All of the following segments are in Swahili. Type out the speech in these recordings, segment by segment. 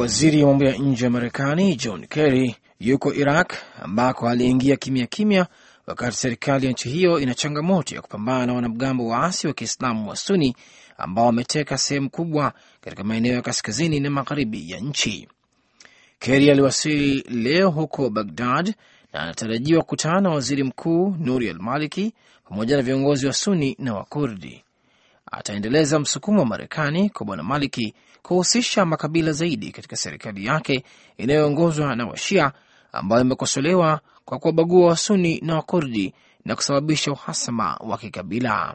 Waziri wa mambo ya nje wa Marekani John Kerry yuko Iraq ambako aliingia kimya kimya wakati serikali ya nchi hiyo ina changamoto ya kupambana na wanamgambo waasi wa Kiislamu wa Suni ambao wameteka sehemu kubwa katika maeneo ya kaskazini na magharibi ya nchi. Kerry aliwasili leo huko Bagdad na anatarajiwa kukutana na waziri mkuu Nuri al-Maliki pamoja na viongozi wa Suni na Wakurdi. Ataendeleza msukumo wa Marekani kwa Bwana Maliki kuhusisha makabila zaidi katika serikali yake inayoongozwa na Washia ambayo imekosolewa kwa kuwabagua Wasuni na Wakurdi na kusababisha uhasama wa kikabila.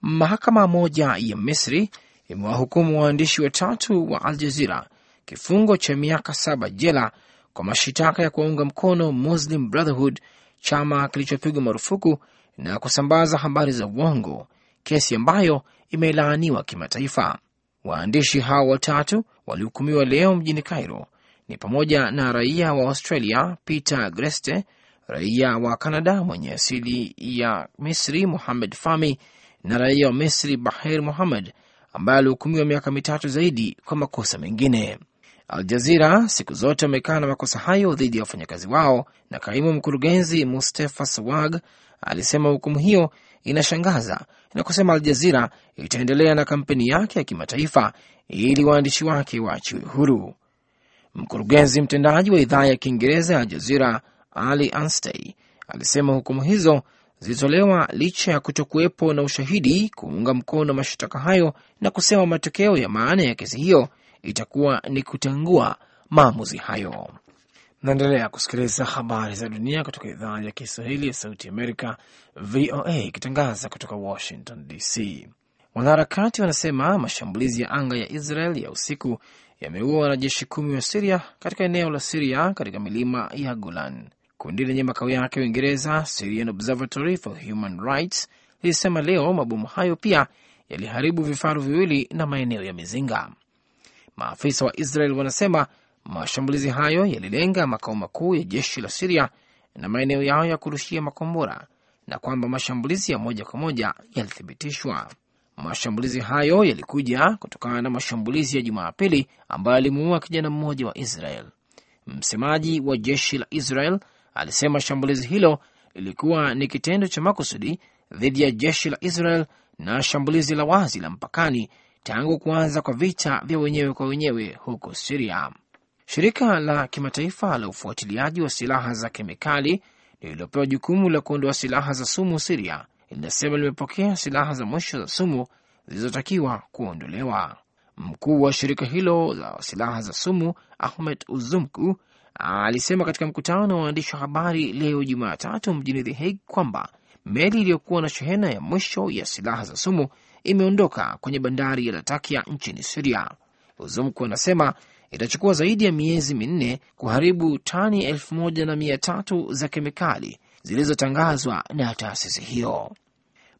Mahakama moja ya Misri imewahukumu waandishi watatu wa Al Jazira kifungo cha miaka saba jela kwa mashitaka ya kuwaunga mkono Muslim Brotherhood, chama kilichopigwa marufuku na kusambaza habari za uongo, kesi ambayo imelaaniwa kimataifa. Waandishi hao watatu walihukumiwa leo mjini Cairo ni pamoja na raia wa Australia Peter Greste, raia wa Canada mwenye asili ya Misri Muhamed fami na raia wa Misri Bahir Muhamed ambaye alihukumiwa miaka mitatu zaidi kwa makosa mengine. Al Jazira siku zote na makosa hayo dhidi ya wafanyakazi wao, na kaimu mkurugenzi Mustafa Sawag alisema hukumu hiyo inashangaza na kusema Al Jazira itaendelea na kampeni yake ya kimataifa ili waandishi wake waachiwe huru. Mkurugenzi mtendaji wa idhaa ya Kiingereza ya aljazira Jazira Ali Anstey alisema hukumu hizo zilitolewa licha ya kutokuwepo na ushahidi kuunga mkono mashtaka hayo, na kusema matokeo ya maana ya kesi hiyo itakuwa ni kutangua maamuzi hayo. Naendelea kusikiliza habari za dunia kutoka idhaa ya Kiswahili ya Sauti Amerika, VOA, ikitangaza kutoka Washington DC. Wanaharakati wanasema mashambulizi ya anga ya Israel ya usiku yameua wanajeshi kumi wa Siria katika eneo la Siria katika milima ya Golan. Kundi lenye makao yake Uingereza, Syrian Observatory for Human Rights, lilisema leo mabomu hayo pia yaliharibu vifaru viwili na maeneo ya mizinga. Maafisa wa Israel wanasema mashambulizi hayo yalilenga makao makuu ya jeshi la Siria na maeneo yao ya kurushia makombora na kwamba mashambulizi ya moja kwa moja yalithibitishwa. Mashambulizi hayo yalikuja kutokana na mashambulizi ya Jumapili ambayo yalimuua kijana mmoja wa Israel. Msemaji wa jeshi la Israel alisema shambulizi hilo lilikuwa ni kitendo cha makusudi dhidi ya jeshi la Israel na shambulizi la wazi la mpakani tangu kuanza kwa vita vya wenyewe kwa wenyewe huko Siria. Shirika la kimataifa la ufuatiliaji wa silaha za kemikali lililopewa jukumu la kuondoa silaha za sumu Siria linasema limepokea silaha za mwisho za sumu zilizotakiwa kuondolewa. Mkuu wa shirika hilo la silaha za sumu Ahmed Uzumku alisema katika mkutano na waandishi wa habari leo Jumatatu mjini The Hague kwamba meli iliyokuwa na shehena ya mwisho ya silaha za sumu imeondoka kwenye bandari ya Latakia nchini Siria. Uzumku anasema itachukua zaidi ya miezi minne kuharibu tani elfu moja na mia tatu za kemikali zilizotangazwa na taasisi hiyo.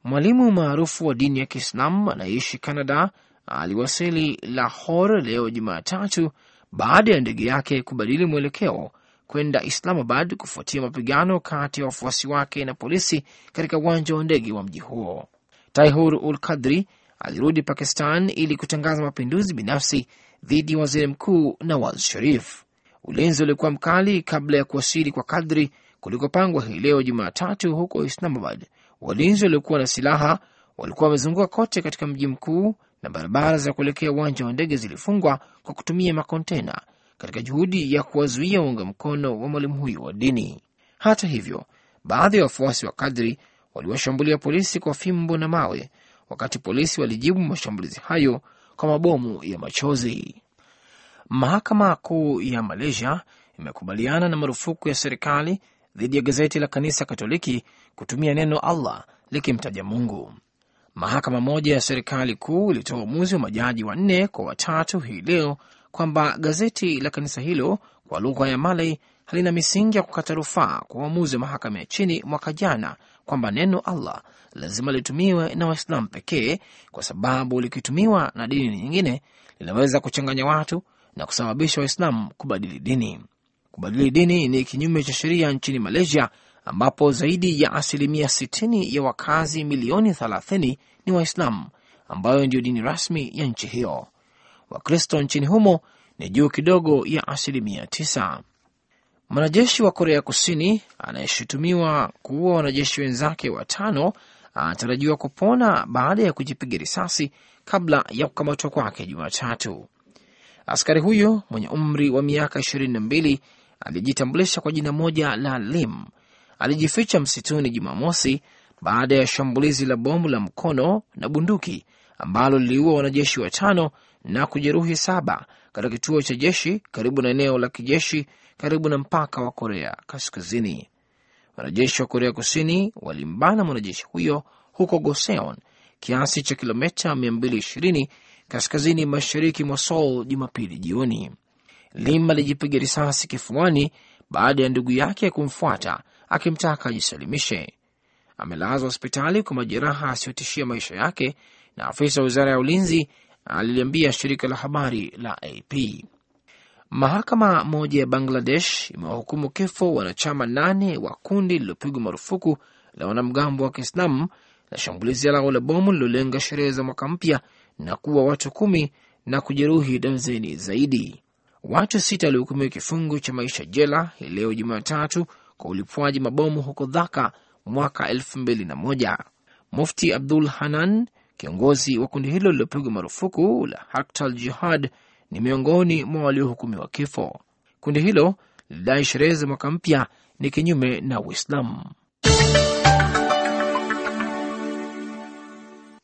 Mwalimu maarufu wa dini ya Kiislam anayeishi Canada aliwasili Lahore leo Jumatatu baada ya ndege yake kubadili mwelekeo kwenda Islamabad kufuatia mapigano kati ya wafuasi wake na polisi katika uwanja wa ndege wa mji huo. Taihur ul Kadri alirudi Pakistan ili kutangaza mapinduzi binafsi dhidi ya waziri mkuu Nawaz Sharif. Ulinzi ulikuwa mkali kabla ya kuwasili kwa Kadri kulikopangwa hii leo Jumatatu huko Islamabad. Walinzi waliokuwa na silaha walikuwa wamezunguka kote katika mji mkuu na barabara za kuelekea uwanja wa ndege zilifungwa kwa kutumia makontena katika juhudi ya kuwazuia uunga mkono wa mwalimu huyo wa dini. Hata hivyo, baadhi ya wafuasi wa Kadri waliwashambulia polisi kwa fimbo na mawe, wakati polisi walijibu mashambulizi hayo kwa mabomu ya machozi. Mahakama Kuu ya Malaysia imekubaliana na marufuku ya serikali dhidi ya gazeti la kanisa Katoliki kutumia neno Allah likimtaja Mungu. Mahakama moja ya serikali kuu ilitoa uamuzi wa majaji wanne kwa watatu hii leo kwamba gazeti la kanisa hilo kwa lugha ya Malay halina misingi ya kukata rufaa kwa uamuzi wa mahakama ya chini mwaka jana kwamba neno Allah lazima litumiwe na Waislamu pekee, kwa sababu likitumiwa na dini nyingine linaweza kuchanganya watu na kusababisha Waislamu kubadili dini. Kubadili dini ni kinyume cha sheria nchini Malaysia, ambapo zaidi ya asilimia 60 ya wakazi milioni 30 ni Waislamu, ambayo ndiyo dini rasmi ya nchi hiyo. Wakristo nchini humo ni juu kidogo ya asilimia 9. Mwanajeshi wa Korea Kusini anayeshutumiwa kuua wanajeshi wenzake watano anatarajiwa kupona baada ya kujipiga risasi kabla ya kukamatwa kwake Jumatatu. Askari huyo mwenye umri wa miaka ishirini na mbili aliyejitambulisha kwa jina moja la Lim alijificha msituni Jumamosi baada ya shambulizi la bomu la mkono na bunduki ambalo liliua wanajeshi watano na kujeruhi saba katika kituo cha jeshi karibu na eneo la kijeshi karibu na mpaka wa Korea Kaskazini. Wanajeshi wa Korea Kusini walimbana mwanajeshi huyo huko Goseon, kiasi cha kilomita 220 kaskazini mashariki mwa Seoul Jumapili jioni. Lim alijipiga risasi kifuani baada ya ndugu yake ya kumfuata akimtaka ajisalimishe. Amelazwa hospitali kwa majeraha asiyotishia maisha yake, na afisa wa wizara ya ulinzi aliliambia shirika la habari la AP. Mahakama moja ya Bangladesh imewahukumu kifo wanachama nane wa kundi lililopigwa marufuku la wanamgambo wa Kiislamu la shambulizi lao la bomu lilolenga sherehe za mwaka mpya na kuwa watu kumi na kujeruhi dazeni zaidi. Watu sita walihukumiwa kifungo cha maisha jela hii leo Jumatatu kwa ulipwaji mabomu huko Dhaka mwaka elfu mbili na moja. Mufti Abdul Hanan, kiongozi wa kundi hilo lililopigwa marufuku la Haktal Jihad, ni miongoni mwa waliohukumiwa kifo. Kundi hilo lilidai sherehe za mwaka mpya ni kinyume na Uislamu.